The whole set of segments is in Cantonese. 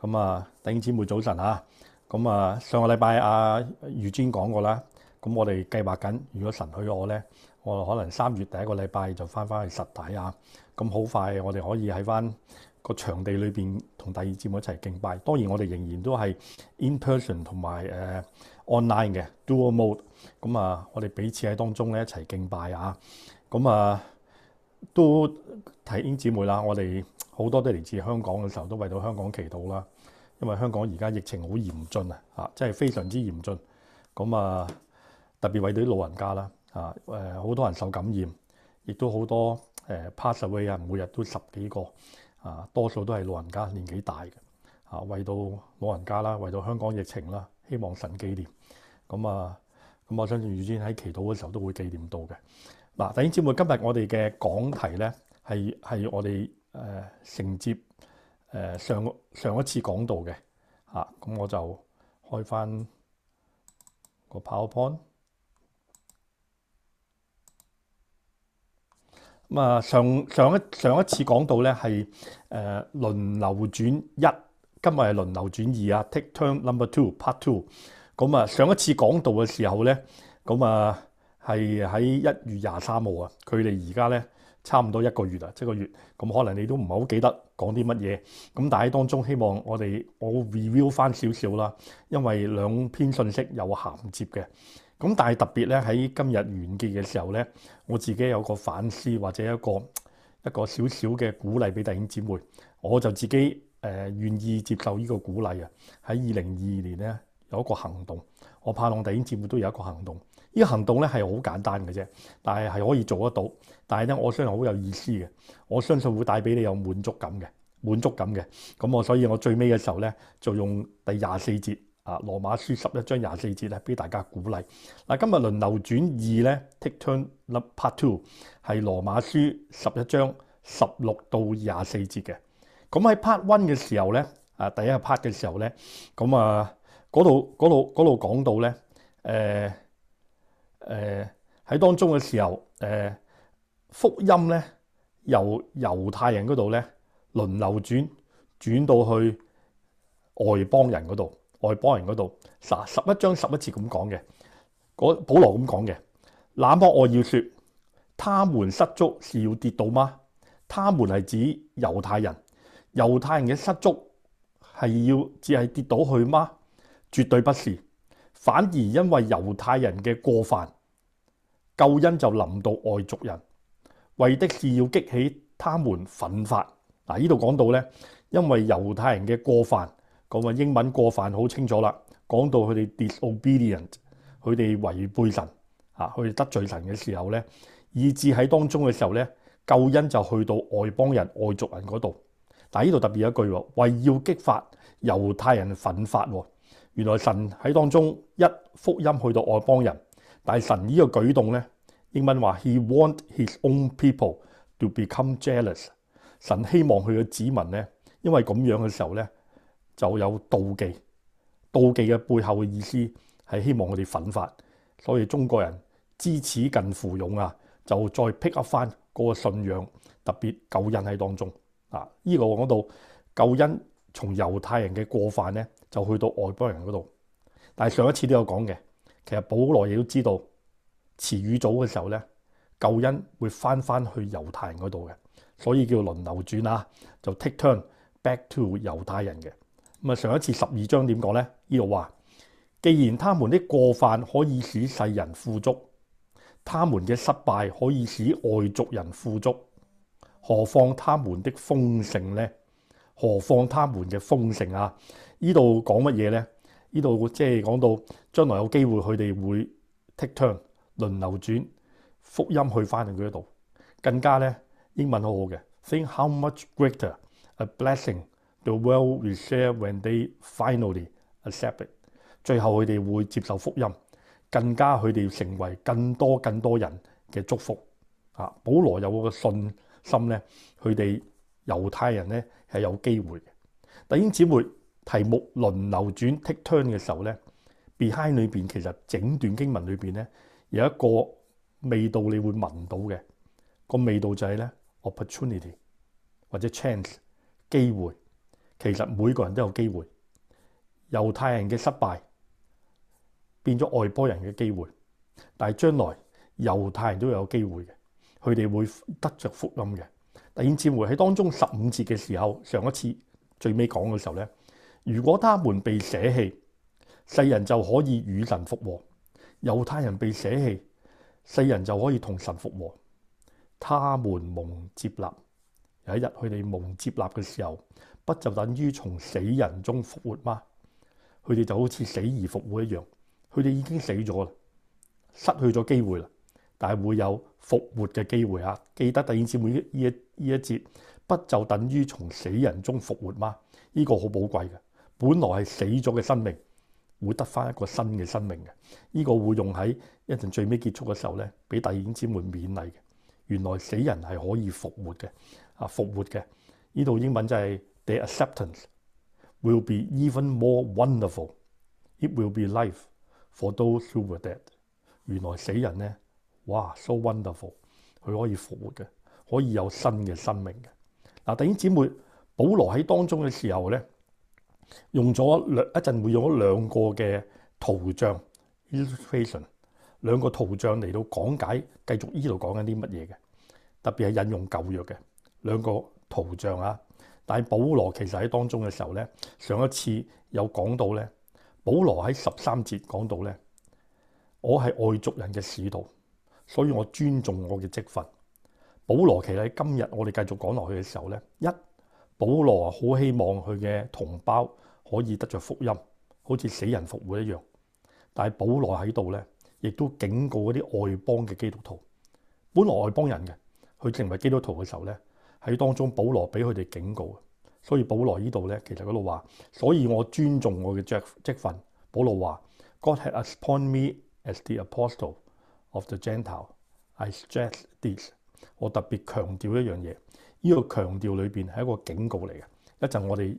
咁啊，弟兄姊妹早晨啊！咁啊，上個禮拜阿如娟講過啦。咁我哋計劃緊，如果神許我咧，我可能三月第一個禮拜就翻翻去實體啊。咁好快，我哋可以喺翻個場地裏邊同弟兄姊妹一齊敬拜。當然，我哋仍然都係 in person 和同埋誒 online 嘅 dual mode。咁啊，我哋彼此喺當中咧一齊敬拜啊。咁啊，都提弟兄姊妹啦、啊，我哋。好多都嚟自香港嘅時候，都為到香港祈禱啦。因為香港而家疫情好嚴峻啊，嚇，真係非常之嚴峻。咁啊，特別為到啲老人家啦，啊誒，好多人受感染，亦都好多誒 pass away 啊，每日都十幾個啊，多數都係老人家，年紀大嘅啊，為到老人家啦，為到香港疫情啦，希望神紀念咁啊。咁、啊、我相信預先喺祈禱嘅時候都會紀念到嘅。嗱、啊，弟兄姊妹，今日我哋嘅講題咧係係我哋。誒、呃、承接誒、呃、上上一次講到嘅嚇，咁、啊、我就開翻個 PowerPoint。咁啊，上上一上一次講到咧係誒輪流轉一，今日係輪流轉二啊，take turn number two part two。咁啊，上一次講到嘅時候咧，咁啊係喺一月廿三號啊，距離而家咧，差唔多一個月啦，即係個月，咁可能你都唔係好記得講啲乜嘢，咁但係喺當中希望我哋我 review 翻少少啦，因為兩篇信息有銜接嘅，咁但係特別咧喺今日完結嘅時候咧，我自己有個反思或者一個一個少少嘅鼓勵俾弟兄姊妹，我就自己誒呃、願意接受呢個鼓勵啊，喺二零二二年咧有一個行動，我盼望弟兄姊妹都有一個行動。啲行動咧係好簡單嘅啫，但係係可以做得到。但係咧，我相信好有意思嘅，我相信會帶俾你有滿足感嘅滿足感嘅。咁我所以我最尾嘅時候咧，就用第廿四節啊，《羅馬書》十一章廿四節咧，俾大家鼓勵。嗱，今日輪流轉二咧，Take Turn Part Two 係《羅馬書》十一章十六到廿四節嘅。咁喺 Part One 嘅時候咧，啊第一 part 嘅時候咧，咁啊嗰度嗰度嗰度講到咧，誒、呃。誒、呃、喺當中嘅時候，誒、呃、福音咧由猶太人嗰度咧輪流轉，轉到去外邦人嗰度。外邦人嗰度，十十一章十一節咁講嘅，嗰保羅咁講嘅。那麼我要説，他們失足是要跌倒嗎？他們係指猶太人，猶太人嘅失足係要只係跌倒去嗎？絕對不是，反而因為猶太人嘅過犯。救恩就臨到外族人，為的是要激起他們奮發。嗱，呢度講到咧，因為猶太人嘅過犯，講個英文過犯好清楚啦，講到佢哋 disobedient，佢哋違背神啊，佢哋得罪神嘅時候咧，以致喺當中嘅時候咧，救恩就去到外邦人、外族人嗰度。嗱，呢度特別一句，為要激發猶太人奮發。原來神喺當中一福音去到外邦人。但係神呢個舉動咧，英文話 He want His own people to become jealous。神希望佢嘅子民咧，因為咁樣嘅時候咧，就有妒忌。妒忌嘅背後嘅意思係希望佢哋奮發。所以中國人知恥近乎勇啊，就再 pick up 返嗰個信仰，特別救、這個、救恩喺當中啊！呢個講到救恩從猶太人嘅過犯咧，就去到外邦人嗰度。但係上一次都有講嘅。其實保羅亦都知道，遲早嘅時候咧，救恩會返返去猶太人嗰度嘅，所以叫輪流轉啊，就 take turn back to 猶太人嘅。咁啊，上一次十二章點講咧？呢度話，既然他們的過犯可以使世人富足，他們嘅失敗可以使外族人富足，何況他們的豐盛咧？何況他們嘅豐盛啊？呢度講乜嘢咧？呢度即係講到將來有機會佢哋會 take turn，輪流轉福音去翻佢嗰度，更加咧英文好好嘅。Think how much greater a blessing the world will share when they finally accept it。最後佢哋會接受福音，更加佢哋成為更多更多人嘅祝福。啊，保羅有個信心咧，佢哋猶太人咧係有機會嘅。弟兄姊妹。題目輪流轉 take turn 嘅時候咧，behind 裏邊其實整段經文裏邊咧有一個味道，你會聞到嘅個味道就係咧 opportunity 或者 chance 機會。其實每個人都有機會。猶太人嘅失敗變咗外邦人嘅機會，但係將來猶太人都有機會嘅，佢哋會得著福音嘅。第二次會喺當中十五節嘅時候，上一次最尾講嘅時候咧。如果他們被捨棄，世人就可以與神復和；猶太人被捨棄，世人就可以同神復和。他們蒙接納，有一日佢哋蒙接納嘅時候，不就等於從死人中復活嗎？佢哋就好似死而復活一樣。佢哋已經死咗啦，失去咗機會啦，但係會有復活嘅機會啊！記得第二姊妹呢一呢一節，不就等於從死人中復活嗎？呢個好寶貴嘅。本來係死咗嘅生命，會得翻一個新嘅生命嘅。呢、這個會用喺一陣最尾結束嘅時候咧，俾弟兄姊妹勉勵嘅。原來死人係可以復活嘅，啊復活嘅呢度英文就係、是、The acceptance will be even more wonderful. It will be life for those who were dead。原來死人咧，哇，so wonderful，佢可以復活嘅，可以有新嘅生命嘅。嗱、啊，弟兄姊妹，保羅喺當中嘅時候咧。用咗兩一陣會，會用咗兩個嘅圖像 illustration 兩個圖像嚟到講解，繼續呢度講緊啲乜嘢嘅，特別係引用舊約嘅兩個圖像啊。但係保羅其實喺當中嘅時候咧，上一次有講到咧，保羅喺十三節講到咧，我係外族人嘅使徒，所以我尊重我嘅職份。保羅其實喺今日我哋繼續講落去嘅時候咧，一。保羅好希望佢嘅同胞可以得着福音，好似死人復活一樣。但係保羅喺度咧，亦都警告嗰啲外邦嘅基督徒，本來外邦人嘅，佢成為基督徒嘅時候咧，喺當中保羅俾佢哋警告。所以保羅呢度咧，其實嗰度話，所以我尊重我嘅職職份。保羅話，God has appointed me as the Apostle of the Gentiles. I stress this。我特別強調一樣嘢。呢、這個強調裏邊係一個警告嚟嘅，一陣我哋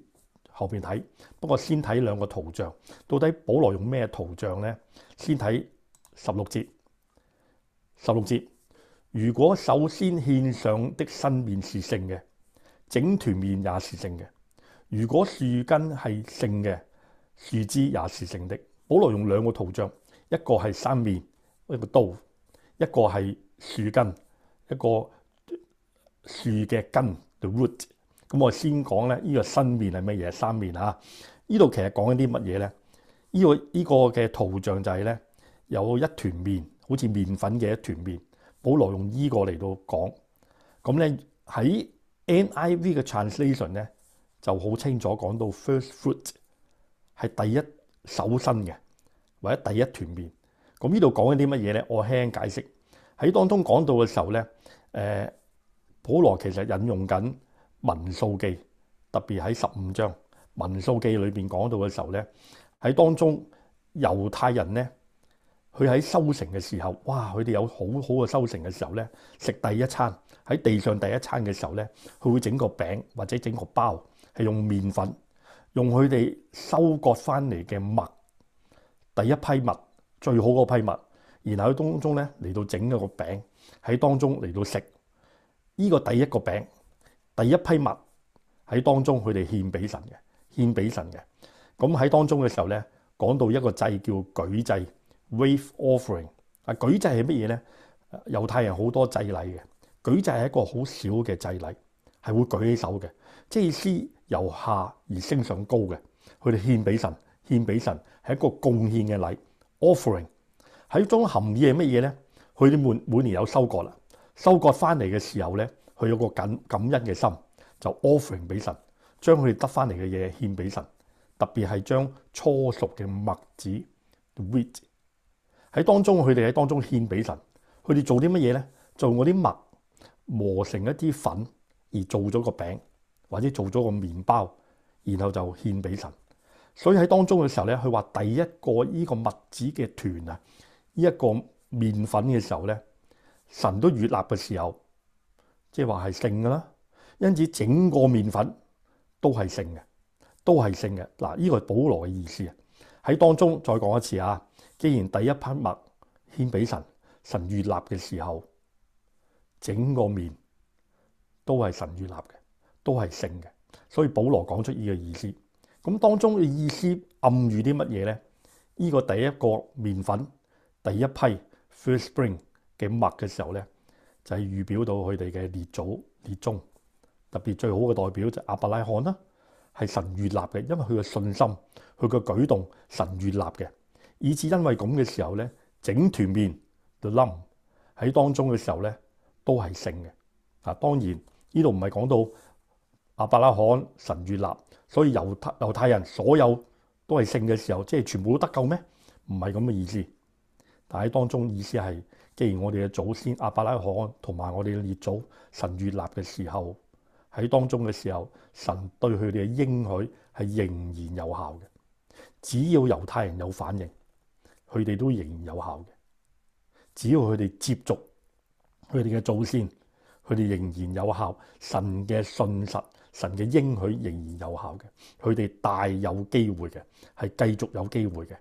後邊睇。不過先睇兩個圖像，到底保羅用咩圖像呢？先睇十六節，十六節。如果首先獻上的新麵是聖嘅，整團麵也是聖嘅。如果樹根係聖嘅，樹枝也是聖的。保羅用兩個圖像，一個係新麵一個刀，一個係樹根一個。樹嘅根，the root。咁我先講咧，呢個新麵係乜嘢？生麵啊！呢度其實講緊啲乜嘢咧？呢個呢個嘅圖像就係咧，有一團麵，好似麵粉嘅一團麵。保羅用呢個嚟到講，咁咧喺 NIV 嘅 translation 咧，就好清楚講到 first fruit 係第一首生嘅，或者第一團麵。咁呢度講緊啲乜嘢咧？我輕輕解釋喺當中講到嘅時候咧，誒、呃。普羅其實引用緊《民數記》，特別喺十五章《民數記》裏面講到嘅時候咧，喺當中猶太人咧，佢喺收成嘅時候，哇！佢哋有好好嘅收成嘅時候咧，食第一餐喺地上第一餐嘅時候咧，佢會整個餅或者整個包，係用麵粉，用佢哋收割翻嚟嘅麥，第一批麥最好嗰批麥，然後喺當中咧嚟到整一個餅喺當中嚟到食。呢、這個第一個餅，第一批物喺當中他們獻給神的，佢哋獻俾神嘅，獻俾神嘅。咁喺當中嘅時候咧，講到一個祭叫舉祭 （wave offering）。啊，舉祭係乜嘢咧？猶太人好多祭禮嘅，舉祭係一個好少嘅祭禮，係會舉起手嘅，即係意思由下而升上高嘅。佢哋獻俾神，獻俾神係一個貢獻嘅禮 （offering）。喺中含義係乜嘢咧？佢哋每每年有收穫啦。收割翻嚟嘅時候咧，佢有個感感恩嘅心，就 offering 俾神，將佢哋得翻嚟嘅嘢獻俾神。特別係將初熟嘅麥子 wheat 喺當中，佢哋喺當中獻俾神。佢哋做啲乜嘢咧？做嗰啲麥磨成一啲粉，而做咗個餅，或者做咗個麵包，然後就獻俾神。所以喺當中嘅時候咧，佢話第一個依個麥子嘅團啊，呢一個麵粉嘅時候咧。神都悅納嘅時候，即係話係聖嘅啦。因此整個麵粉都係聖嘅，都係聖嘅。嗱，呢個係保羅嘅意思啊。喺當中再講一次啊。既然第一批麥獻俾神，神悅納嘅時候，整個麵都係神悅納嘅，都係聖嘅。所以保羅講出呢個意思。咁當中嘅意思暗喻啲乜嘢咧？呢、這個第一個麵粉第一批 first spring。嘅默嘅時候咧，就係、是、預表到佢哋嘅列祖列宗，特別最好嘅代表就是亞伯拉罕啦，係神越立嘅，因為佢嘅信心，佢嘅舉動神越立嘅，以至因為咁嘅時候咧，整團麵 the lump 喺當中嘅時候咧都係聖嘅嗱。當然呢度唔係講到亞伯拉罕神越立，所以猶太猶太人所有都係聖嘅時候，即係全部都得救咩？唔係咁嘅意思，但喺當中意思係。既然我哋嘅祖先阿伯拉罕同埋我哋嘅列祖神悅納嘅時候，喺當中嘅時候，神對佢哋嘅應許係仍然有效嘅。只要猶太人有反應，佢哋都仍然有效嘅。只要佢哋接觸佢哋嘅祖先，佢哋仍然有效。神嘅信實，神嘅應許仍然有效嘅。佢哋大有機會嘅，係繼續有機會嘅。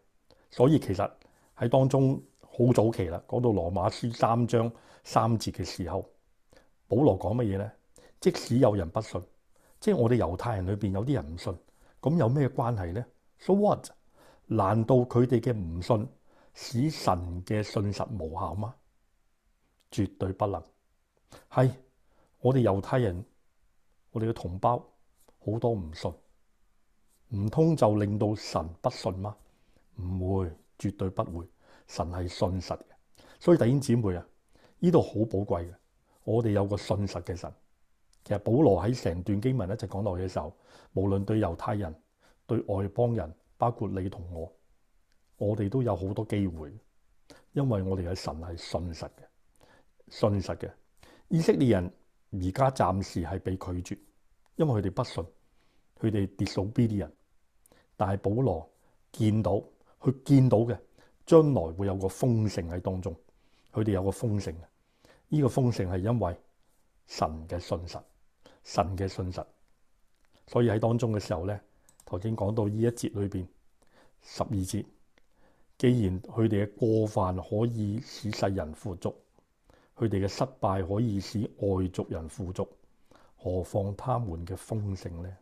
所以其實喺當中。好早期啦，講到羅馬書三章三節嘅時候，保羅講乜嘢咧？即使有人不信，即係我哋猶太人裏面有啲人唔信，咁有咩關係咧？So what？難道佢哋嘅唔信使神嘅信實無效嗎？絕對不能。係，我哋猶太人，我哋嘅同胞好多唔信，唔通就令到神不信嗎？唔會，絕對不會。神係信實嘅，所以弟兄姊妹啊，呢度好寶貴嘅。我哋有個信實嘅神。其實保羅喺成段經文一直講落去嘅時候，無論對猶太人、對外邦人，包括你同我，我哋都有好多機會，因為我哋嘅神係信實嘅，信實嘅。以色列人而家暫時係被拒絕，因為佢哋不信，佢哋跌數畀啲人。但係保羅見到，佢見到嘅。將來會有個豐盛喺當中，佢哋有一個豐盛。呢、這個豐盛係因為神嘅信實，神嘅信實。所以喺當中嘅時候咧，頭先講到呢一節裏邊十二節，既然佢哋嘅過犯可以使世人富足，佢哋嘅失敗可以使外族人富足，何況他們嘅豐盛呢？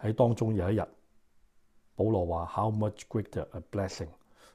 喺當中有一日，保羅話：How much greater a blessing！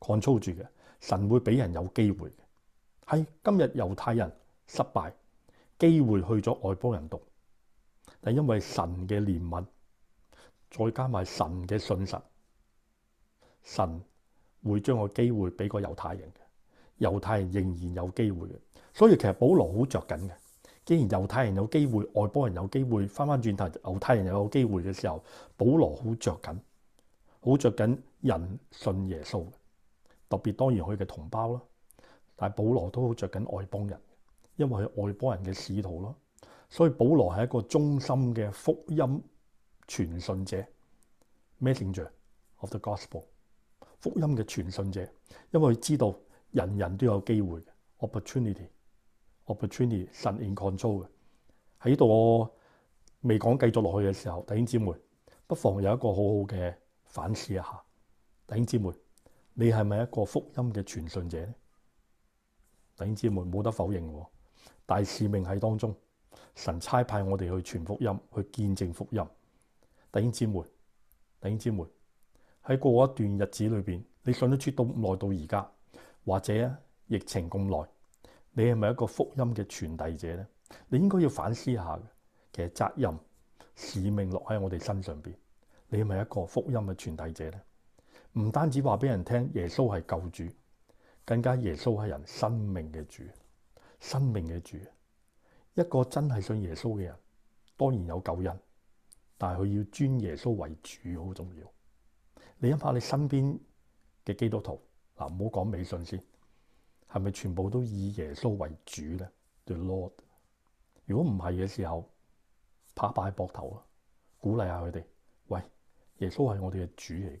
控操住嘅神會俾人有機會嘅，哎，今日猶太人失敗機會去咗外邦人度，但因為神嘅憐憫，再加埋神嘅信實，神會將個機會俾個猶太人嘅。猶太人仍然有機會嘅，所以其實保羅好着緊嘅。既然猶太人有機會，外邦人有機會，翻翻轉頭猶太人有機會嘅時候，保羅好着緊，好着緊人信耶穌。特別當然佢嘅同胞啦，但係保羅都好着緊外邦人，因為佢外邦人嘅使徒咯。所以保羅係一個忠心嘅福音傳信者，Messenger of the gospel，福音嘅傳信者，因為佢知道人人都有機會嘅，opportunity，opportunity 神 e n c o t r o l 嘅。喺度我未講繼續落去嘅時候，弟兄姊妹不妨有一個好好嘅反思一下，弟兄姊妹。你係咪一個福音嘅傳信者咧？弟兄姊妹冇得否認喎，大使命喺當中，神差派我哋去傳福音，去見證福音。弟兄姊妹，弟兄姊妹喺過一段日子裏邊，你信得出到耐到而家，或者疫情咁耐，你係咪一個福音嘅傳遞者呢？你應該要反思下，其實責任使命落喺我哋身上邊，你係咪一個福音嘅傳遞者呢？唔單止話俾人聽耶穌係救主，更加耶穌係人生命嘅主，生命嘅主。一個真係信耶穌嘅人，當然有救恩，但係佢要尊耶穌為主，好重要。你諗下，你身邊嘅基督徒嗱，唔好講美信先，係咪全部都以耶穌為主咧？The Lord。如果唔係嘅時候，拍下喺膊頭啊，鼓勵下佢哋。喂，耶穌係我哋嘅主嚟嘅。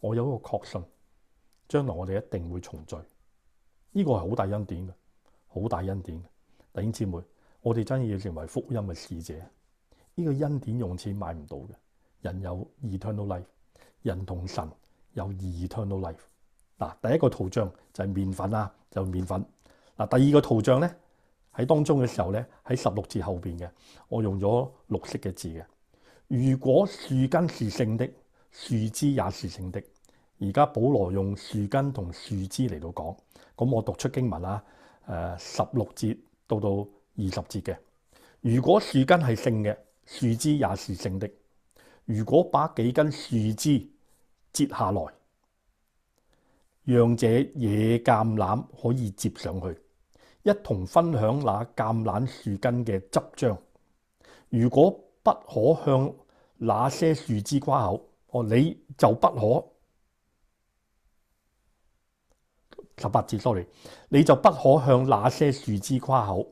我有一個確信，將來我哋一定會重聚。呢、這個係好大恩典嘅，好大恩典嘅。弟兄姊妹，我哋真要成為福音嘅使者。呢、這個恩典用錢買唔到嘅，人有 eternal life，人同神有 eternal life。嗱，第一個圖像就係麵粉啦，就麵粉。嗱、就是，第二個圖像呢，喺當中嘅時候呢，喺十六節後面嘅，我用咗綠色嘅字嘅。如果樹根是聖的。樹枝也是聖的。而家保羅用樹根同樹枝嚟到講，咁我讀出經文啦。誒、呃，十六節到到二十節嘅。如果樹根係聖嘅，樹枝也是聖的。如果把幾根樹枝折下來，讓這野橄欖可以接上去，一同分享那橄欖樹根嘅汁漿。如果不可向那些樹枝誇口。哦，你就不可十八節，sorry，你就不可向那些樹枝誇口。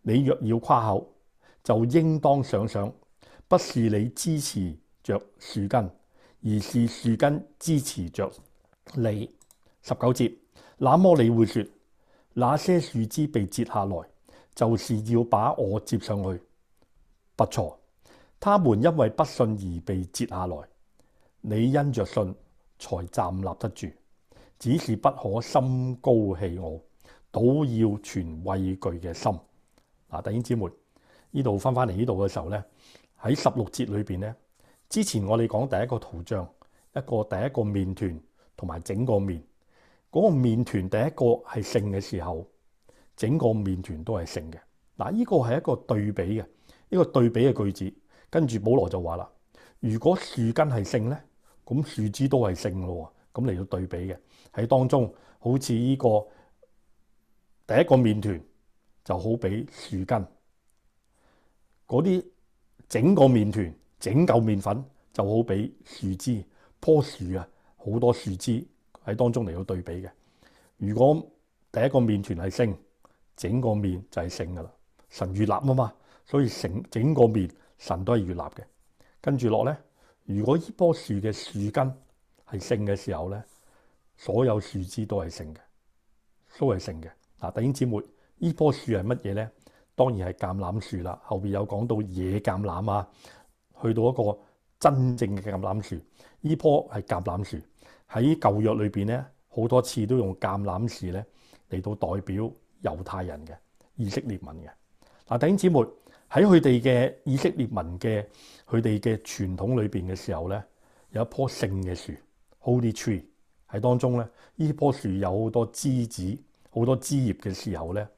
你若要誇口，就應當想想，不是你支持着樹根，而是樹根支持着你。十九節，那麼你會說那些樹枝被折下來，就是要把我接上去？不錯，他們因為不信而被折下來。你因着信才站立得住，只是不可心高氣傲，倒要存畏懼嘅心。嗱、啊，弟兄姊妹，呢度翻翻嚟呢度嘅時候咧，喺十六節裏邊咧，之前我哋講第一個圖像，一個第一個麵團同埋整個麵，嗰、那個麵團第一個係聖嘅時候，整個麵團都係聖嘅。嗱、啊，呢、這個係一個對比嘅，呢個對比嘅句子。跟住保羅就話啦：，如果樹根係聖咧。咁樹枝都係聖咯，咁嚟到對比嘅喺當中，好似呢個第一個麵團就好比樹根，嗰啲整個麵團整嚿麵粉就好比樹枝，樖樹啊好多樹枝喺當中嚟到對比嘅。如果第一個麵團係聖，整個麵就係聖㗎喇，神預立啊嘛，所以成整個麵神都係預立嘅。跟住落咧。如果呢棵樹嘅樹根係聖嘅時候咧，所有樹枝都係聖嘅，都係聖嘅。嗱，弟兄姊妹，棵樹呢棵樹係乜嘢咧？當然係橄欖樹啦。後邊有講到野橄欖啊，去到一個真正嘅橄欖樹。棵欖樹呢棵係橄欖樹喺舊約裏邊咧，好多次都用橄欖樹咧嚟到代表猶太人嘅以色列文嘅。嗱，弟兄姊妹。喺佢哋嘅以色列文嘅佢哋嘅傳統裏邊嘅時候咧，有一棵聖嘅樹 Holy Tree 喺當中咧。呢棵樹有好多枝子、好多枝葉嘅時候咧，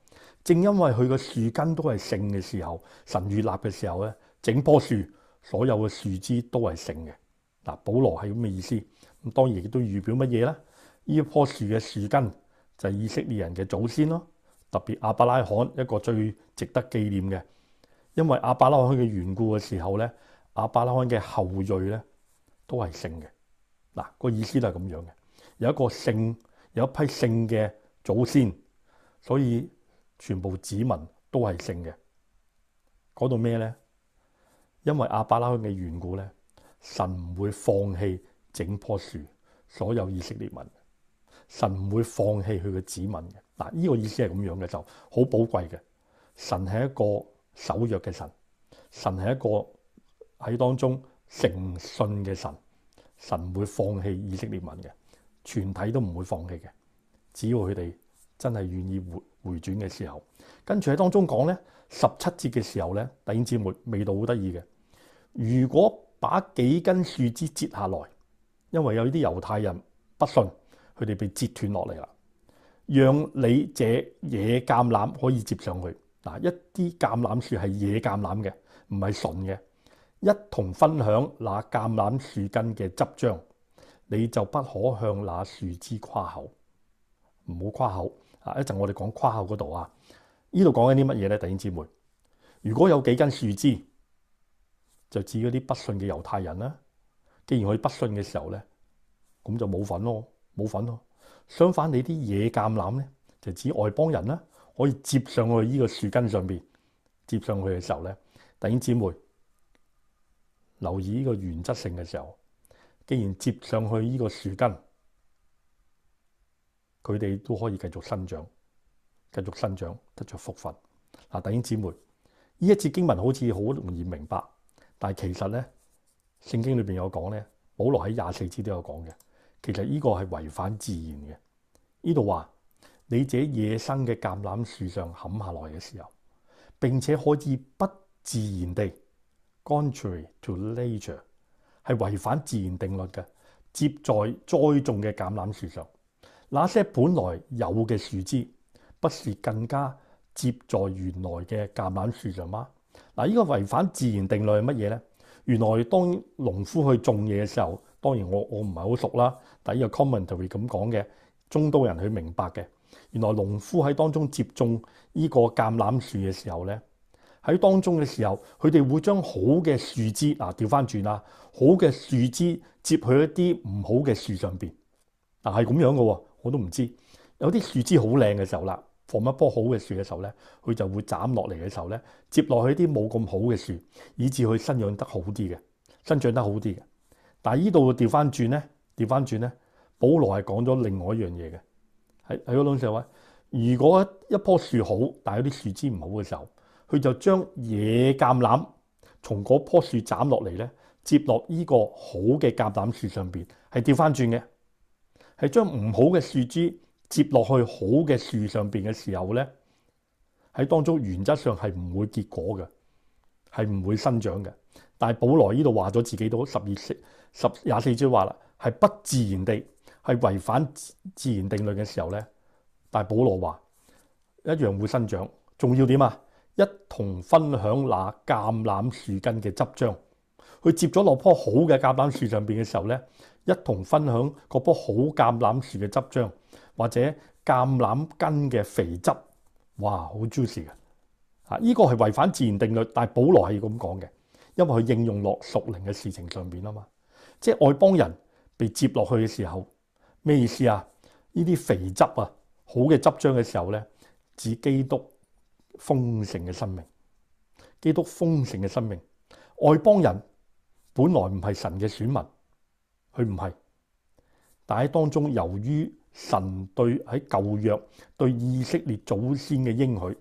正因為佢個樹根都係聖嘅時候，神預立嘅時候咧，整棵樹所有嘅樹枝都係聖嘅。嗱，保羅係咁嘅意思。咁當然亦都預表乜嘢咧？呢一棵樹嘅樹根就係以色列人嘅祖先咯，特別亞伯拉罕一個最值得紀念嘅。因為亞伯拉罕嘅緣故嘅時候咧，亞伯拉罕嘅後裔咧都係姓嘅。嗱，個意思都係咁樣嘅，有一個姓，有一批姓嘅祖先，所以全部子民都係姓嘅。講到咩咧？因為亞伯拉罕嘅緣故咧，神唔會放棄整棵樹，所有以色列民，神唔會放棄佢嘅子民嘅。嗱，呢個意思係咁樣嘅，就好寶貴嘅。神係一個。守約嘅神，神係一個喺當中誠信嘅神，神會放棄以色列民嘅，全體都唔會放棄嘅，只要佢哋真係願意回回轉嘅時候。跟住喺當中講呢：「十七節嘅時候呢，突然末味道好得意嘅，如果把幾根樹枝折下來，因為有啲猶太人不信，佢哋被折斷落嚟啦，讓你這野橄欖可以接上去。嗱，一啲橄欖樹係野橄欖嘅，唔係純嘅，一同分享那橄欖樹根嘅汁漿，你就不可向那樹枝誇口，唔好誇口。啊，一陣我哋講誇口嗰度啊，呢度講緊啲乜嘢咧？弟兄姊妹，如果有幾根樹枝，就指嗰啲不信嘅猶太人啦。既然佢不信嘅時候咧，咁就冇份咯，冇份咯。相反，你啲野橄欖咧，就指外邦人啦。可以接上去呢個樹根上邊，接上去嘅時候咧，弟兄姊妹留意呢個原則性嘅時候，既然接上去呢個樹根，佢哋都可以繼續生長，繼續生長，得着福分。嗱，弟兄姊妹，呢一節經文好似好容易明白，但係其實咧，聖經裏邊有講咧，保羅喺廿四節都有講嘅，其實呢個係違反自然嘅。呢度話。你自己野生嘅橄欖樹上砍下來嘅時候，並且可以不自然地 contrary to nature，係違反自然定律嘅。接在栽種嘅橄欖樹上，那些本來有嘅樹枝，不是更加接在原來嘅橄欖樹上嗎？嗱，呢個違反自然定律係乜嘢咧？原來當農夫去種嘢嘅時候，當然我我唔係好熟啦。但係呢個 comment 就會咁講嘅，中東人去明白嘅。原來農夫喺當中接種呢個橄欖樹嘅時候咧，喺當中嘅時候，佢哋會將好嘅樹枝嗱調翻轉啦，好嘅樹枝接去一啲唔好嘅樹上邊，但係咁樣嘅，我都唔知。有啲樹枝好靚嘅時候啦，放一棵好嘅樹嘅時候咧，佢就會斬落嚟嘅時候咧，接落去一啲冇咁好嘅樹，以至佢生養得好啲嘅，生長得好啲嘅。但係呢度調翻轉咧，調翻轉咧，保羅係講咗另外一樣嘢嘅。喺喺嗰種情況，如果一棵樹好，但係有啲樹枝唔好嘅時候，佢就將野橄欖從嗰樖樹斬落嚟咧，接落依個好嘅橄欖樹上邊，係掉翻轉嘅，係將唔好嘅樹枝接落去好嘅樹上邊嘅時候咧，喺當中原則上係唔會結果嘅，係唔會生長嘅。但係保羅呢度話咗自己到十二,十二十四十廿四章話啦，係不自然地。係違反自然定律嘅時候咧，但係保羅話一樣會生長，仲要點啊？一同分享那橄欖樹根嘅汁漿，佢接咗落棵好嘅橄欖樹上邊嘅時候咧，一同分享嗰棵好橄欖樹嘅汁漿，或者橄欖根嘅肥汁，哇，好 juicy 嘅啊！呢個係違反自然定律，但係保羅係要咁講嘅，因為佢應用落屬靈嘅事情上邊啊嘛，即係外邦人被接落去嘅時候。咩意思啊？呢啲肥汁啊，好嘅汁漿嘅時候咧，指基督豐盛嘅生命。基督豐盛嘅生命，外邦人本來唔係神嘅選民，佢唔係。但係當中，由於神對喺舊約對以色列祖先嘅應許，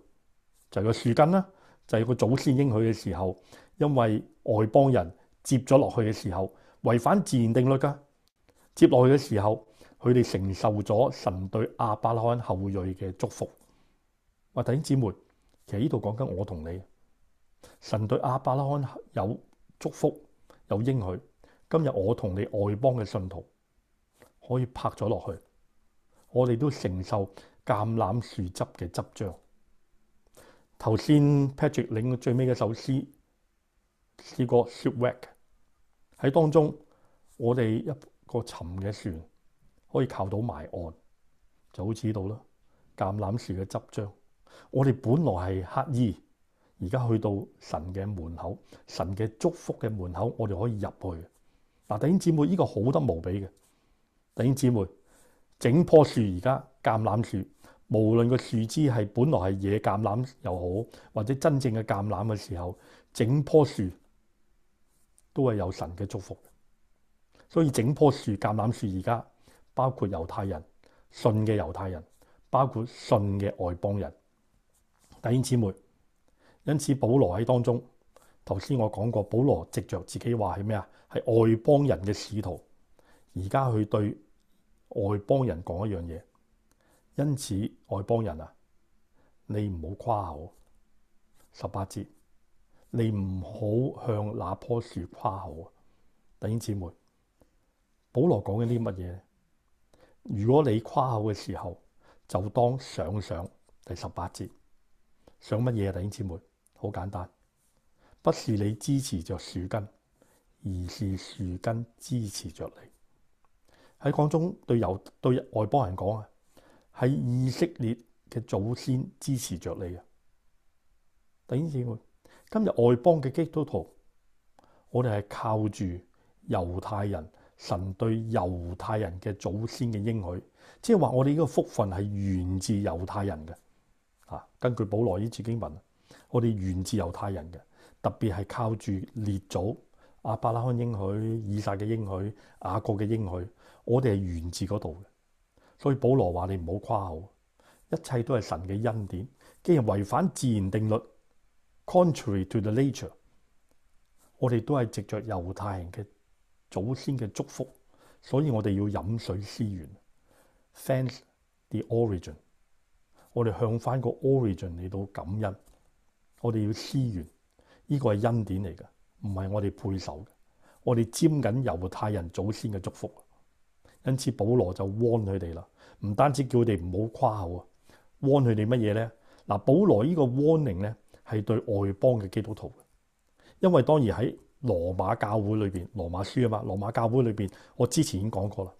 就係個樹根啦，就係個祖先應許嘅時候，因為外邦人接咗落去嘅時候，違反自然定律噶，接落去嘅時候。佢哋承受咗神對亞伯拉罕後裔嘅祝福。我、哎、弟兄姊妹，其實呢度講緊我同你。神對亞伯拉罕有祝福，有應許。今日我同你外邦嘅信徒可以拍咗落去，我哋都承受橄欖樹汁嘅汁漿。頭先 Patrick 領最尾嘅首詩，試過 shipwreck 喺當中，我哋一個沉嘅船。可以靠到埋岸就好知道啦。橄欖樹嘅執章，我哋本來係乞衣，而家去到神嘅門口，神嘅祝福嘅門口，我哋可以入去。嗱，弟兄姊妹，呢個好得無比嘅，弟兄姊妹，整棵樹而家橄欖樹，無論個樹枝係本來係野橄欖又好，或者真正嘅橄欖嘅時候，整棵樹都係有神嘅祝福嘅。所以整棵樹橄欖樹而家。包括猶太人信嘅猶太人，包括信嘅外邦人。弟兄姊妹，因此保羅喺當中頭先我講過，保羅藉着自己話係咩啊？係外邦人嘅使徒，而家佢對外邦人講一樣嘢。因此外邦人啊，你唔好誇口。十八節，你唔好向那棵樹誇口。弟兄姊妹，保羅講緊啲乜嘢？如果你誇口嘅時候，就當想上第十八節，想乜嘢啊？弟兄姊妹，好簡單，不是你支持着樹根，而是樹根支持着你。喺廣中對有對外邦人講啊，係以色列嘅祖先支持着你啊！弟兄姊妹，今日外邦嘅基督徒，我哋係靠住猶太人。神對猶太人嘅祖先嘅應許，即係話我哋呢個福分係源自猶太人嘅。啊，根據保羅呢次經文，我哋源自猶太人嘅，特別係靠住列祖亞伯拉罕應許、以撒嘅應許、雅各嘅應許，我哋係源自嗰度嘅。所以保羅話：你唔好誇口，一切都係神嘅恩典，既然違反自然定律 （Contrary to the nature），我哋都係藉着猶太人嘅。祖先嘅祝福，所以我哋要飲水思源 thank the origin。我哋向翻個 origin 嚟到感恩，我哋要思源，呢、這個係恩典嚟噶，唔係我哋配受。我哋沾緊猶太人祖先嘅祝福，因此保羅就 warn 佢哋啦，唔單止叫佢哋唔好誇口啊，warn 佢哋乜嘢咧？嗱，保羅呢個 warning 咧係對外邦嘅基督徒嘅，因為當然喺。羅馬教會裏邊，《羅馬書》啊嘛，《羅馬教會》裏邊，我之前已經講過啦。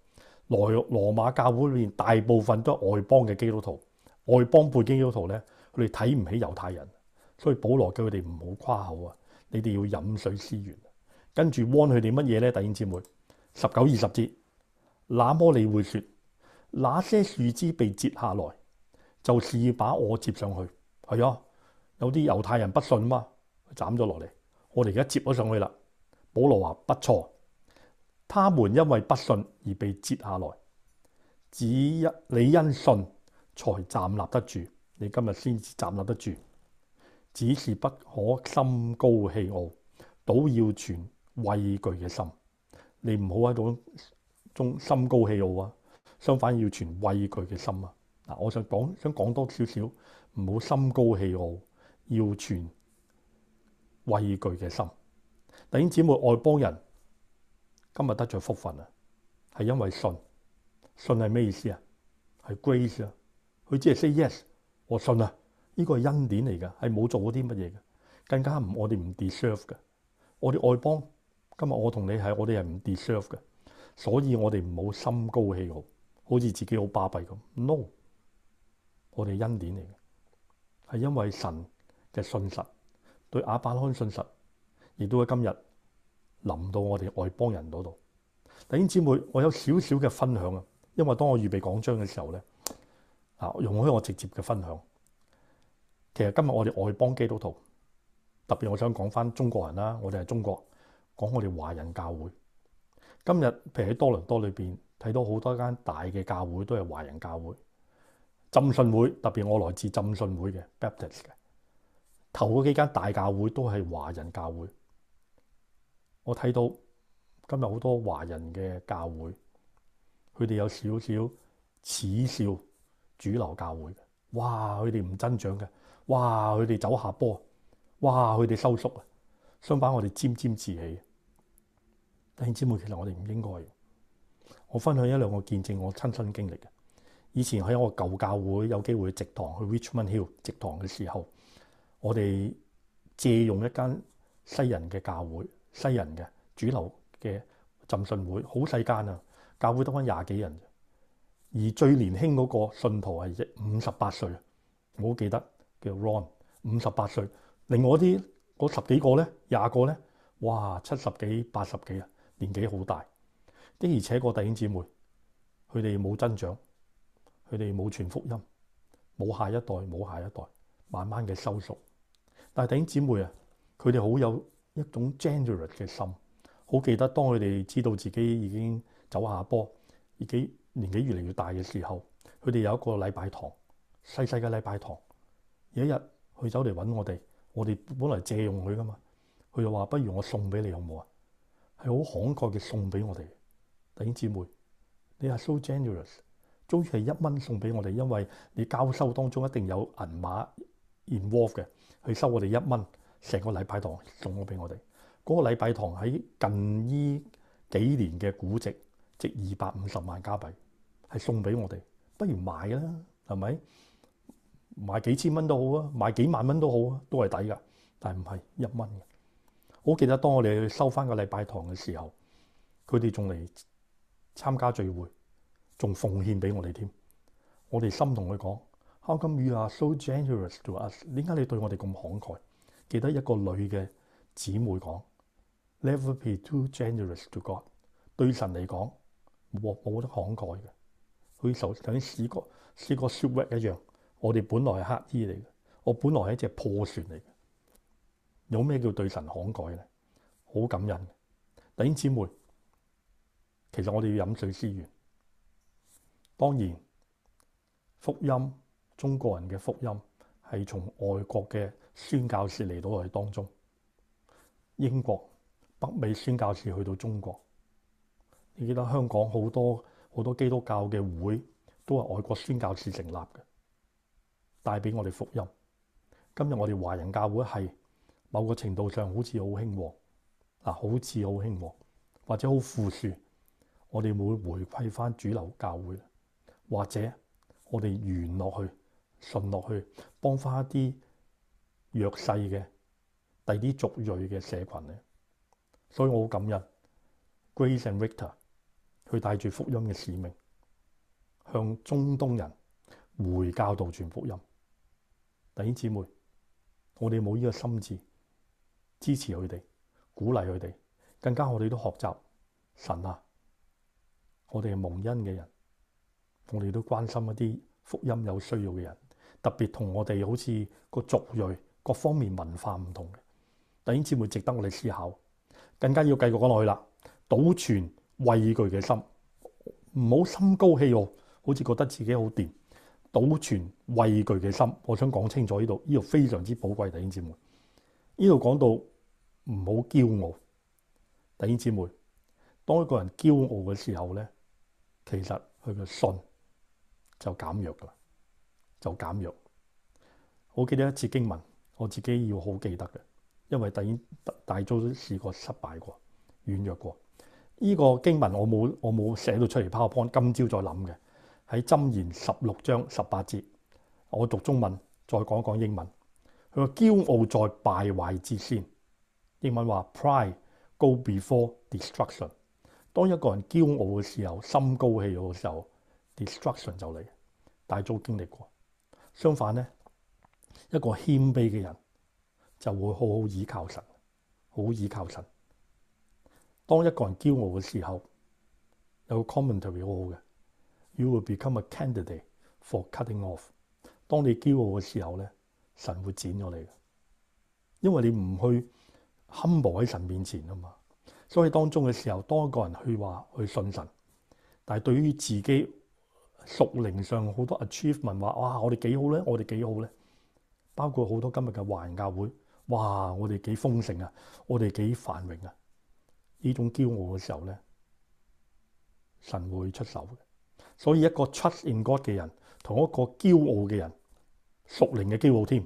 羅羅馬教會裏邊大部分都係外邦嘅基督徒，外邦背景基督徒咧，佢哋睇唔起猶太人，所以保羅叫佢哋唔好誇口啊，你哋要飲水思源啊。跟住，warn 佢哋乜嘢咧？突然節末十九二十節，那麼你會説，那些樹枝被折下來，就是要把我接上去。係啊，有啲猶太人不信嘛，佢斬咗落嚟。我哋而家接咗上去啦。保羅話：不錯，他們因為不信而被接下來，只因你因信才站立得住。你今日先至站立得住，只是不可心高氣傲，倒要存畏懼嘅心。你唔好喺度，中心高氣傲啊，相反要存畏懼嘅心啊。嗱，我想講，想講多少少，唔好心高氣傲，要存畏懼嘅心，弟兄姊妹外邦人，今日得咗福分啊！係因為信，信係咩意思啊？係 grace 啊！佢只係 say yes，我信啊！呢個係恩典嚟噶，係冇做嗰啲乜嘢嘅，更加唔我哋唔 deserve 嘅。我哋外邦，今日我同你係，我哋係唔 deserve 嘅，所以我哋唔好心高氣傲，好似自己好巴閉咁。No，我哋恩典嚟嘅，係因為神嘅信實，對亞伯拉罕信實，亦都喺今日，臨到我哋外邦人嗰度。弟兄姊妹，我有少少嘅分享啊。因為當我預備講章嘅時候咧，啊，容許我直接嘅分享。其實今日我哋外邦基督徒，特別我想講翻中國人啦。我哋係中國，講我哋華人教會。今日譬如喺多倫多裏邊睇到好多間大嘅教會都係華人教會、浸信會，特別我來自浸信會嘅 Baptist 嘅。頭嗰幾間大教會都係華人教會，我睇到今日好多華人嘅教會，佢哋有少少恥笑主流教會嘩，哇！佢哋唔增長嘅，哇！佢哋走下坡，哇！佢哋收縮啊，相反我尖尖，妹妹我哋沾沾自喜。弟兄姊妹，其實我哋唔應該。我分享一兩個見證，我親身經歷嘅。以前喺我舊教會有機會去植堂，去 Richmond Hill 植堂嘅時候。我哋借用一間西人嘅教會，西人嘅主流嘅浸信會，好細間啊！教會得返廿幾人，而最年輕嗰個信徒係五十八歲啊！我記得叫 Ron，五十八歲。另外嗰啲嗰十幾個咧，廿個咧，哇，七十幾、八十幾啊，年紀好大。的而且確弟兄姊妹，佢哋冇增長，佢哋冇傳福音，冇下一代，冇下一代，慢慢嘅收縮。但係弟兄姊妹啊，佢哋好有一種 generous 嘅心，好記得當佢哋知道自己已經走下坡，自己年紀越嚟越大嘅時候，佢哋有一個禮拜堂，細細嘅禮拜堂，有一日佢走嚟揾我哋，我哋本嚟借用佢噶嘛，佢又話不如我送俾你好唔好啊？係好慷慨嘅送俾我哋，弟兄姊妹，你係 so generous，終於係一蚊送俾我哋，因為你交收當中一定有銀碼。involve 嘅，去收我哋一蚊，成個禮拜堂送咗俾我哋。嗰、那個禮拜堂喺近依幾年嘅估值值二百五十萬加幣，係送俾我哋。不如買啦，係咪？買幾千蚊都好啊，買幾萬蚊都好啊，都係抵㗎。但係唔係一蚊嘅。我記得當我哋去收返個禮拜堂嘅時候，佢哋仲嚟參加聚會，仲奉獻俾我哋添。我哋心同佢講。How come you are so generous to us，點解你對我哋咁慷慨？記得一個女嘅姊妹講：Never be too generous to God。對神嚟講冇冇得慷慨嘅，佢首像像啲士哥士哥 sweat 一樣。我哋本來係黑衣嚟嘅，我本來係一隻破船嚟嘅。有咩叫對神慷慨咧？好感人。弟兄姊妹，其實我哋要飲水思源，當然福音。中國人嘅福音係從外國嘅宣教士嚟到我哋當中，英國、北美宣教士去到中國，你記得香港好多好多基督教嘅會都係外國宣教士成立嘅，帶俾我哋福音。今日我哋華人教會係某個程度上好似好興旺，嗱，好似好興旺，或者好富庶。我哋會回歸翻主流教會，或者我哋原落去。順落去幫翻一啲弱勢嘅第啲族裔嘅社群咧，所以我好感恩 Grace and Victor 佢帶住福音嘅使命向中東人回教徒傳福音。弟兄姊妹，我哋冇呢個心志支持佢哋，鼓勵佢哋，更加我哋都學習神啊，我哋係蒙恩嘅人，我哋都關心一啲福音有需要嘅人。特別同我哋好似個族裔各方面文化唔同嘅，弟兄姊妹值得我哋思考。更加要繼續講落去啦，倒存畏懼嘅心，唔好心高氣傲，好似覺得自己好掂。倒存畏懼嘅心，我想講清楚呢度，呢度非常之寶貴，弟兄姊妹。呢度講到唔好驕傲，弟兄姊妹，當一個人驕傲嘅時候咧，其實佢嘅信就減弱噶啦。就減弱。我記得一次經文，我自己要好記得嘅，因為第大租都試過失敗過、軟弱過。呢、這個經文我冇我冇寫到出嚟 PowerPoint，今朝再諗嘅喺《箴言》十六章十八節，我讀中文再講一講英文。佢話：驕傲在敗壞之先，英文話 Pride go before destruction。當一個人驕傲嘅時候，心高氣傲嘅時候，destruction 就嚟。大租經歷過。相反呢，一個謙卑嘅人就會好好倚靠神，好倚靠神。當一個人驕傲嘅時候，有個 commentary 好好嘅，you will become a candidate for cutting off。當你驕傲嘅時候咧，神會剪咗你嘅，因為你唔去 humble 喺神面前啊嘛。所以當中嘅時候，當一個人去話去信神，但係對於自己。熟齡上好多 achievement，話，哇！我哋幾好咧，我哋幾好咧。包括好多今日嘅華人教會，哇！我哋幾豐盛啊，我哋幾繁榮啊。呢種驕傲嘅時候咧，神會出手嘅。所以一個 trust in God 嘅人，同一個驕傲嘅人，熟齡嘅驕傲，添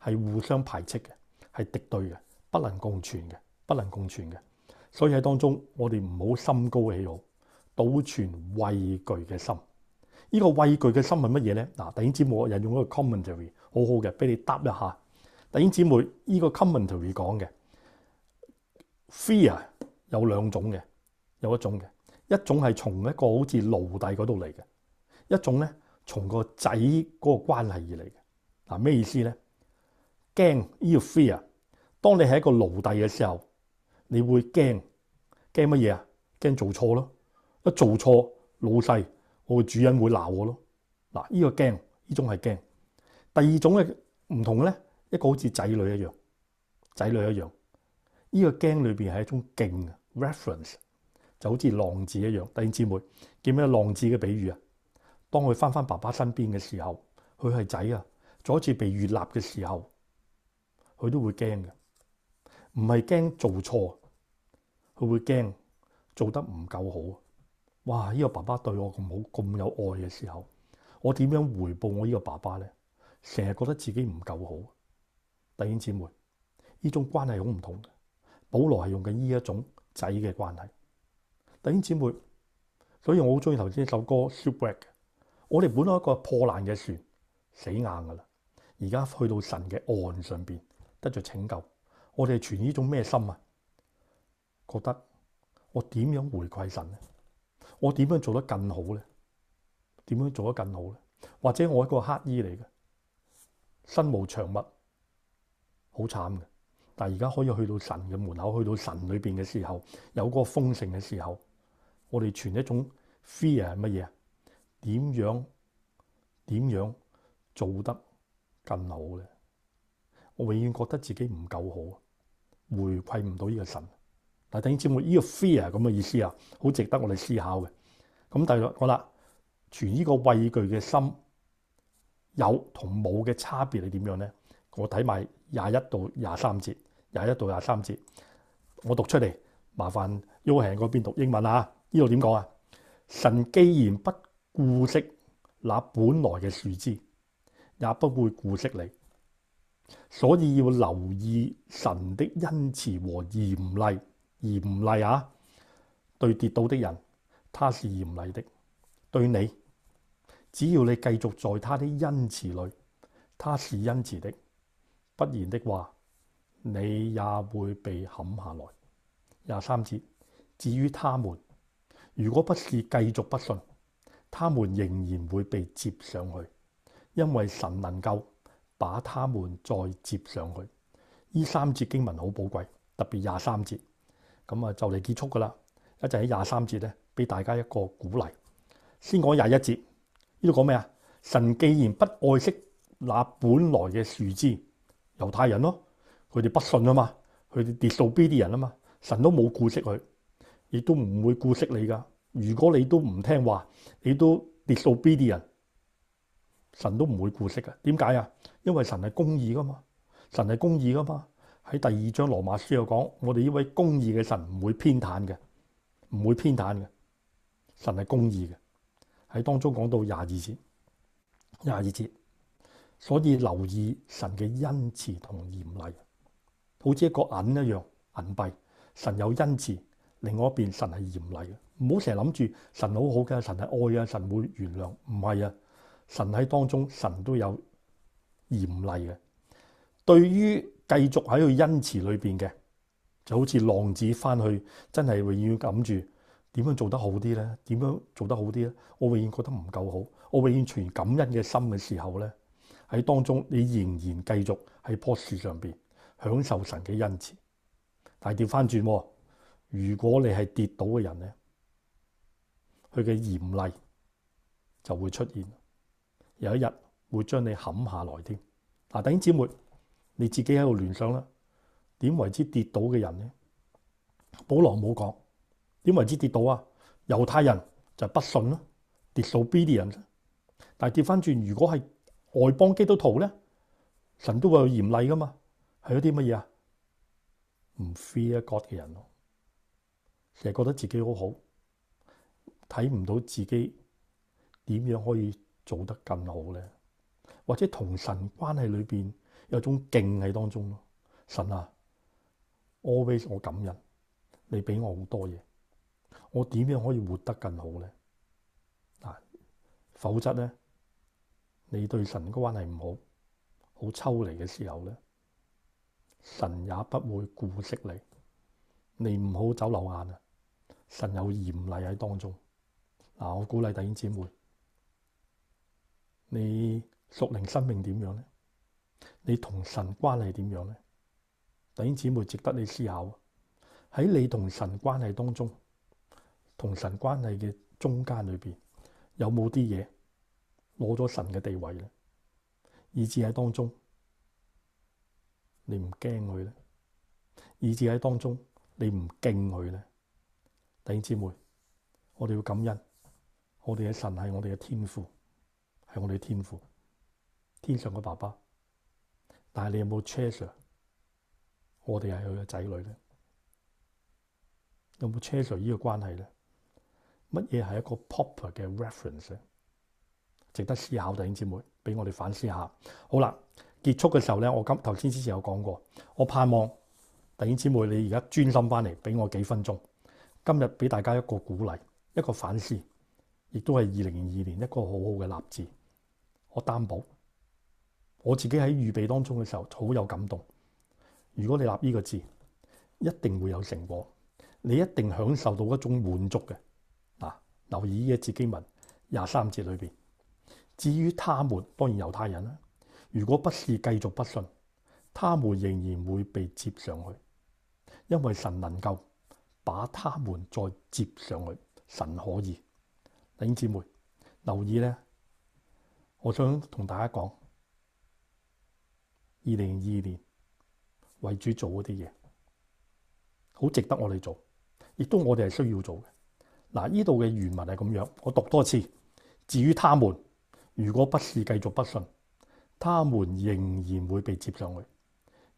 係互相排斥嘅，係敵對嘅，不能共存嘅，不能共存嘅。所以喺當中，我哋唔好心高氣傲，保存畏懼嘅心。呢個畏懼嘅心係乜嘢咧？嗱，弟兄姊妹，我引用一個 commentary，好好嘅，俾你答一下。弟兄姊妹，呢個 commentary 講嘅 fear 有兩種嘅，有一種嘅，一種係從一個好似奴隸嗰度嚟嘅，一種咧從個仔嗰個關係而嚟嘅。嗱，咩意思咧？驚呢個 fear，當你係一個奴隸嘅時候，你會驚驚乜嘢啊？驚做錯咯，一做錯老細。我個主人會鬧我咯。嗱，呢個驚，呢種係驚。第二種嘅唔同呢，咧，一個好似仔女一樣，仔女一樣。呢個驚裏面係一種敬 reference 就好似浪子一樣。弟兄姊妹，見咩浪子嘅比喻啊？當佢翻返爸爸身邊嘅時候，佢係仔啊，咗次被懲立嘅時候，佢都會驚嘅。唔係驚做錯，佢會驚做得唔夠好。哇！呢個爸爸對我咁好咁有愛嘅時候，我點樣回報我呢個爸爸咧？成日覺得自己唔夠好。弟兄姐妹，呢種關係好唔同。保羅係用緊呢一種仔嘅關係。弟兄姐妹，所以我好中意頭先呢首歌《Shipwreck》。我哋本來一個破爛嘅船，死硬噶啦，而家去到神嘅岸上面，得咗拯救。我哋存呢種咩心啊？覺得我點樣回饋神咧？我點樣做得更好呢？點樣做得更好呢？或者我一個乞兒嚟嘅，身無長物，好慘嘅。但而家可以去到神嘅門口，去到神裏面嘅時候，有個豐盛嘅時候，我哋傳一種 fear 係乜嘢啊？點樣，點樣做得更好呢？我永遠覺得自己唔夠好，回饋唔到呢個神。大家聽清楚依個 fear 咁嘅意思啊，好值得我哋思考嘅。咁第六個好啦，存依個畏懼嘅心有同冇嘅差別係點樣呢？我睇埋廿一到廿三節，廿一到廿三節，我讀出嚟，麻煩要 K 嗰邊讀英文啊。依度點講啊？神既然不顧惜那本來嘅樹枝，也不會顧惜你，所以要留意神的恩慈和嚴厲。嚴厲啊！對跌倒的人，他是嚴厲的；對你，只要你繼續在他的恩慈裏，他是恩慈的。不然的話，你也會被砍下來。廿三節，至於他們，如果不是繼續不信，他們仍然會被接上去，因爲神能夠把他們再接上去。呢三節經文好寶貴，特別廿三節。咁啊，就嚟結束噶啦！一陣喺廿三節咧，俾大家一個鼓勵。先講廿一節，呢度講咩啊？神既然不愛惜那本來嘅樹枝，猶太人咯，佢哋不信啊嘛，佢哋 disobedient 啊嘛，神都冇顧惜佢，亦都唔會顧惜你噶。如果你都唔聽話，你都 disobedient，神都唔會顧惜㗎。點解啊？因為神係公義噶嘛，神係公義噶嘛。喺第二章《羅馬書》又講，我哋呢位公義嘅神唔會偏袒嘅，唔會偏袒嘅。神係公義嘅。喺當中講到廿二節，廿二節，所以留意神嘅恩慈同嚴厲，好似一個銀一樣銀幣。神有恩慈，另外一邊神係嚴厲嘅。唔好成日諗住神好好嘅，神係愛啊，神會原諒，唔係啊。神喺當中，神都有嚴厲嘅。對於繼續喺佢恩慈裏邊嘅，就好似浪子翻去，真係永遠要諗住點樣做得好啲咧？點樣做得好啲咧？我永遠覺得唔夠好，我永遠存感恩嘅心嘅時候咧，喺當中你仍然繼續喺樖樹上邊享受神嘅恩慈。但係調翻轉，如果你係跌倒嘅人咧，佢嘅嚴厲就會出現，有一日會將你冚下來添。嗱，弟兄姊妹。你自己喺度聯想啦，點為之跌倒嘅人咧？保羅冇講點為之跌倒啊？猶太人就不信咯，Disobedient 啲人。但跌翻轉，如果係外邦基督徒咧，神都會有嚴厲噶嘛。係一啲乜嘢啊？唔 fear God 嘅人咯，成日覺得自己好好，睇唔到自己點樣可以做得更好咧，或者同神關係裏面。有種敬喺當中，神啊，Always 我感恩，你俾我好多嘢，我點樣可以活得更好呢？否則呢，你對神嘅關係唔好，好抽離嘅時候呢，神也不會顧惜你。你唔好走漏眼！神有嚴厲喺當中。我鼓勵弟兄姐妹，你屬靈生命點樣呢？你同神關係點樣呢？弟兄姊妹，值得你思考，喺你同神關係當中，同神關係嘅中間裏邊有冇啲嘢攞咗神嘅地位呢？以至喺當中你唔驚佢呢？以至喺當中你唔敬佢呢？弟兄姊妹，我哋要感恩，我哋嘅神係我哋嘅天父，係我哋嘅天父，天上嘅爸爸。但係你有冇 chaser？我哋係佢嘅仔女咧，有冇 chaser 呢個關係咧？乜嘢係一個 proper 嘅 reference 咧？值得思考，弟兄姊妹，俾我哋反思下。好啦，結束嘅時候咧，我今頭先之前有講過，我盼望弟兄姊妹你而家專心翻嚟，俾我幾分鐘。今日俾大家一個鼓勵，一個反思，亦都係二零二二年一個好好嘅立志。我擔保。我自己喺預備當中嘅時候，好有感動。如果你立呢個字，一定會有成果，你一定享受到一種滿足嘅嗱。留意呢一字經文廿三節裏面，至於他們當然猶太人啦。如果不是繼續不信，他們仍然會被接上去，因為神能夠把他們再接上去。神可以，弟兄姊妹留意呢，我想同大家講。二零二二年為主做嗰啲嘢，好值得我哋做，亦都我哋係需要做嘅。嗱，呢度嘅原文係咁樣，我讀多次。至於他們，如果不是繼續不信，他們仍然會被接上去，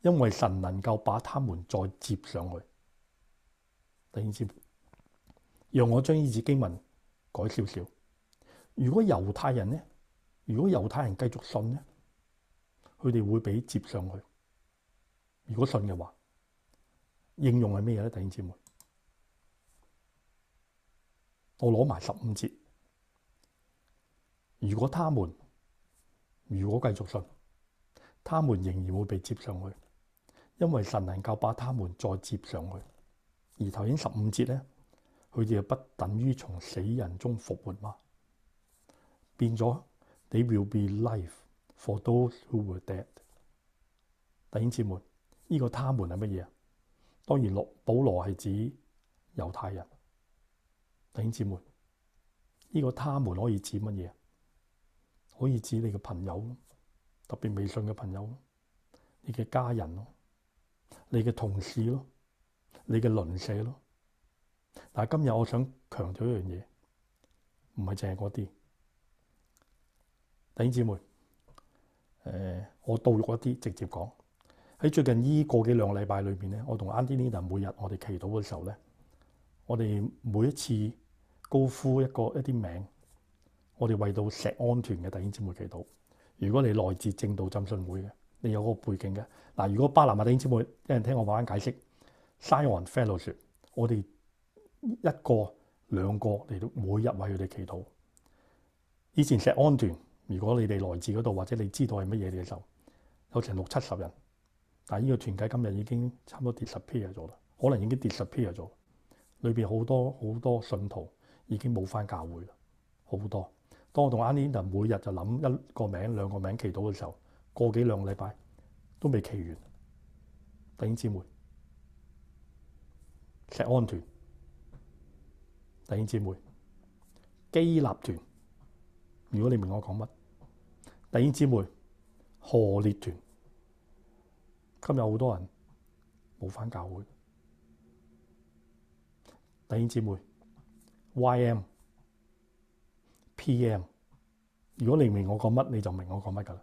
因為神能夠把他們再接上去。等等，讓我將呢節經文改少少。如果猶太人呢，如果猶太人繼續信呢？佢哋會被接上去。如果信嘅話，應用係咩咧？弟兄姊妹，我攞埋十五節。如果他們，如果繼續信，他們仍然會被接上去，因為神能夠把他們再接上去。而頭先十五節咧，佢哋不等於從死人中復活嗎？變咗 they will be life。For those who were dead。弟兄姊妹，呢、這個他們係乜嘢啊？當然，羅保羅係指猶太人。弟兄姊妹，呢、這個他們可以指乜嘢？可以指你嘅朋友咯，特別未信嘅朋友咯，你嘅家人咯，你嘅同事咯，你嘅鄰舍咯。但係，今日我想強調一樣嘢，唔係淨係嗰啲。弟兄姊妹。誒、呃，我道入一啲直接講，喺最近呢個幾兩個禮拜裏邊咧，我同 Andy Leader 每日我哋祈禱嘅時候咧，我哋每一次高呼一個一啲名，我哋為到石安團嘅弟兄姊妹祈禱。如果你來自正道浸信會嘅，你有嗰個背景嘅。嗱，如果巴拿馬弟兄姊妹有人聽我慢慢解釋，Sion Fellowship，我哋一個兩個嚟到每日為佢哋祈禱。以前石安團。如果你哋來自嗰度，或者你知道係乜嘢嘅時候，有成六七十人，但係呢個團體今日已經差唔多跌十 percent 咗啦，可能已經跌十 percent 咗。裏邊好多好多信徒已經冇翻教會啦，好多。當我同 Anita 每日就諗一個名兩個名祈禱嘅時候，個幾兩個禮拜都未祈完。弟兄姊妹，石安團，弟兄姊妹，基立團，如果你明我講乜？弟兄姊妹，何烈團今日好多人冇返教會。弟兄姊妹，Y.M.P.M. 如果你唔明我講乜，你就明我講乜噶啦。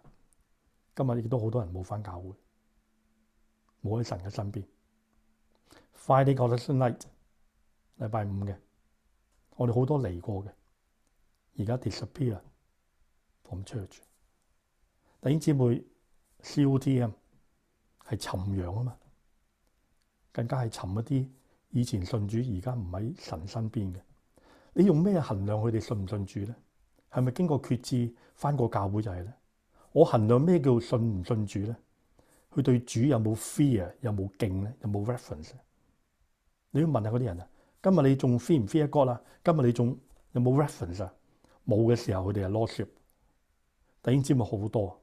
今日亦都好多人冇返教會，冇喺神嘅身邊。Friday God's Night，禮拜五嘅，我哋好多嚟過嘅，而家 disappear from church。弟兄姊，姊妹，燒啲啊，係沉羊啊嘛，更加係沉一啲以前信主而家唔喺神身邊嘅。你用咩衡量佢哋信唔信主咧？係咪經過決志返過教會就係咧？我衡量咩叫信唔信主咧？佢對主有冇 fear，有冇敬咧，有冇 reference？你要問下嗰啲人啊，今日你仲 fear 唔 fear 一哥啦？今日你仲有冇 reference 啊？冇嘅時候佢哋係 lordship。弟兄姊妹好多。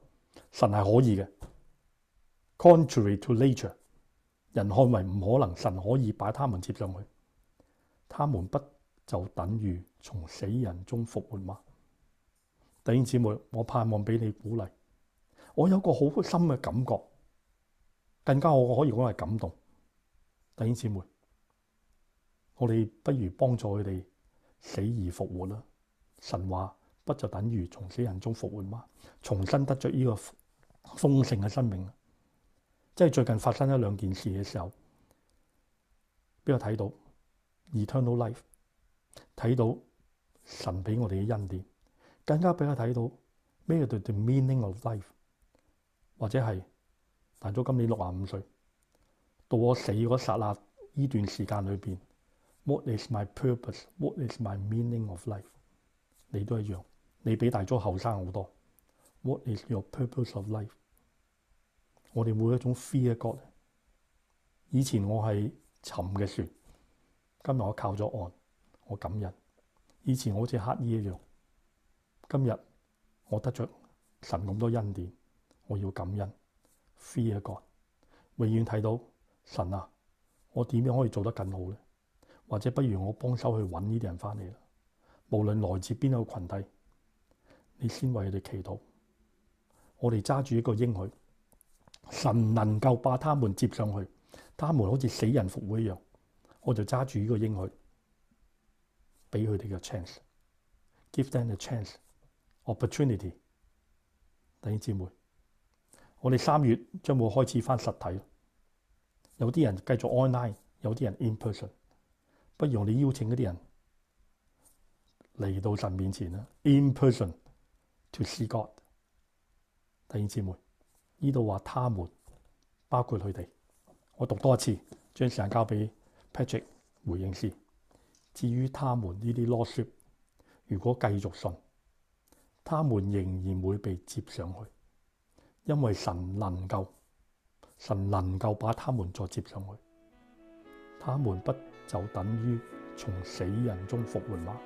神係可以嘅，Contrary to nature，人看為唔可能，神可以把他們接上去，他們不就等於從死人中復活嗎？弟兄姊妹，我盼望俾你鼓勵，我有個好深嘅感覺，更加我可以講係感動。弟兄姊妹，我哋不如幫助佢哋死而復活啦。神話不就等於從死人中復活嗎？重新得着呢個。豐盛嘅生命，即係最近發生一兩件事嘅時候，俾我睇到 Eternal Life？睇到神俾我哋嘅恩典，更加俾我睇到咩叫做 the meaning of life？或者係大咗今年六十五歲，到我死嗰剎那呢段時間裏邊，What is my purpose？What is my meaning of life？你都一樣，你比大咗後生好多。What is your purpose of life？我哋每一種 fear God。以前我係沉嘅船，今日我靠咗岸，我感恩。以前我好似乞衣一樣，今日我得着神咁多恩典，我要感恩 fear God。永遠睇到神啊，我點樣可以做得更好呢？或者不如我幫手去揾呢啲人翻嚟啦。無論來自邊一個群體，你先為佢哋祈禱。我哋揸住一個應許，神能夠把他們接上去，他們好似死人復活一樣。我就揸住呢個應許，俾佢哋個 chance，give them a chance，opportunity。弟兄姊妹，我哋三月將會開始翻實體，有啲人繼續 online，有啲人 in person。不如你邀請嗰啲人嚟到神面前啦，in person to see God。弟兄姊妹，呢度話他們包括佢哋，我讀多一次，將時間交俾 Patrick 回應先。至於他們呢啲囉説，如果繼續信，他們仍然會被接上去，因為神能夠，神能夠把他們再接上去。他們不就等於從死人中復活嗎？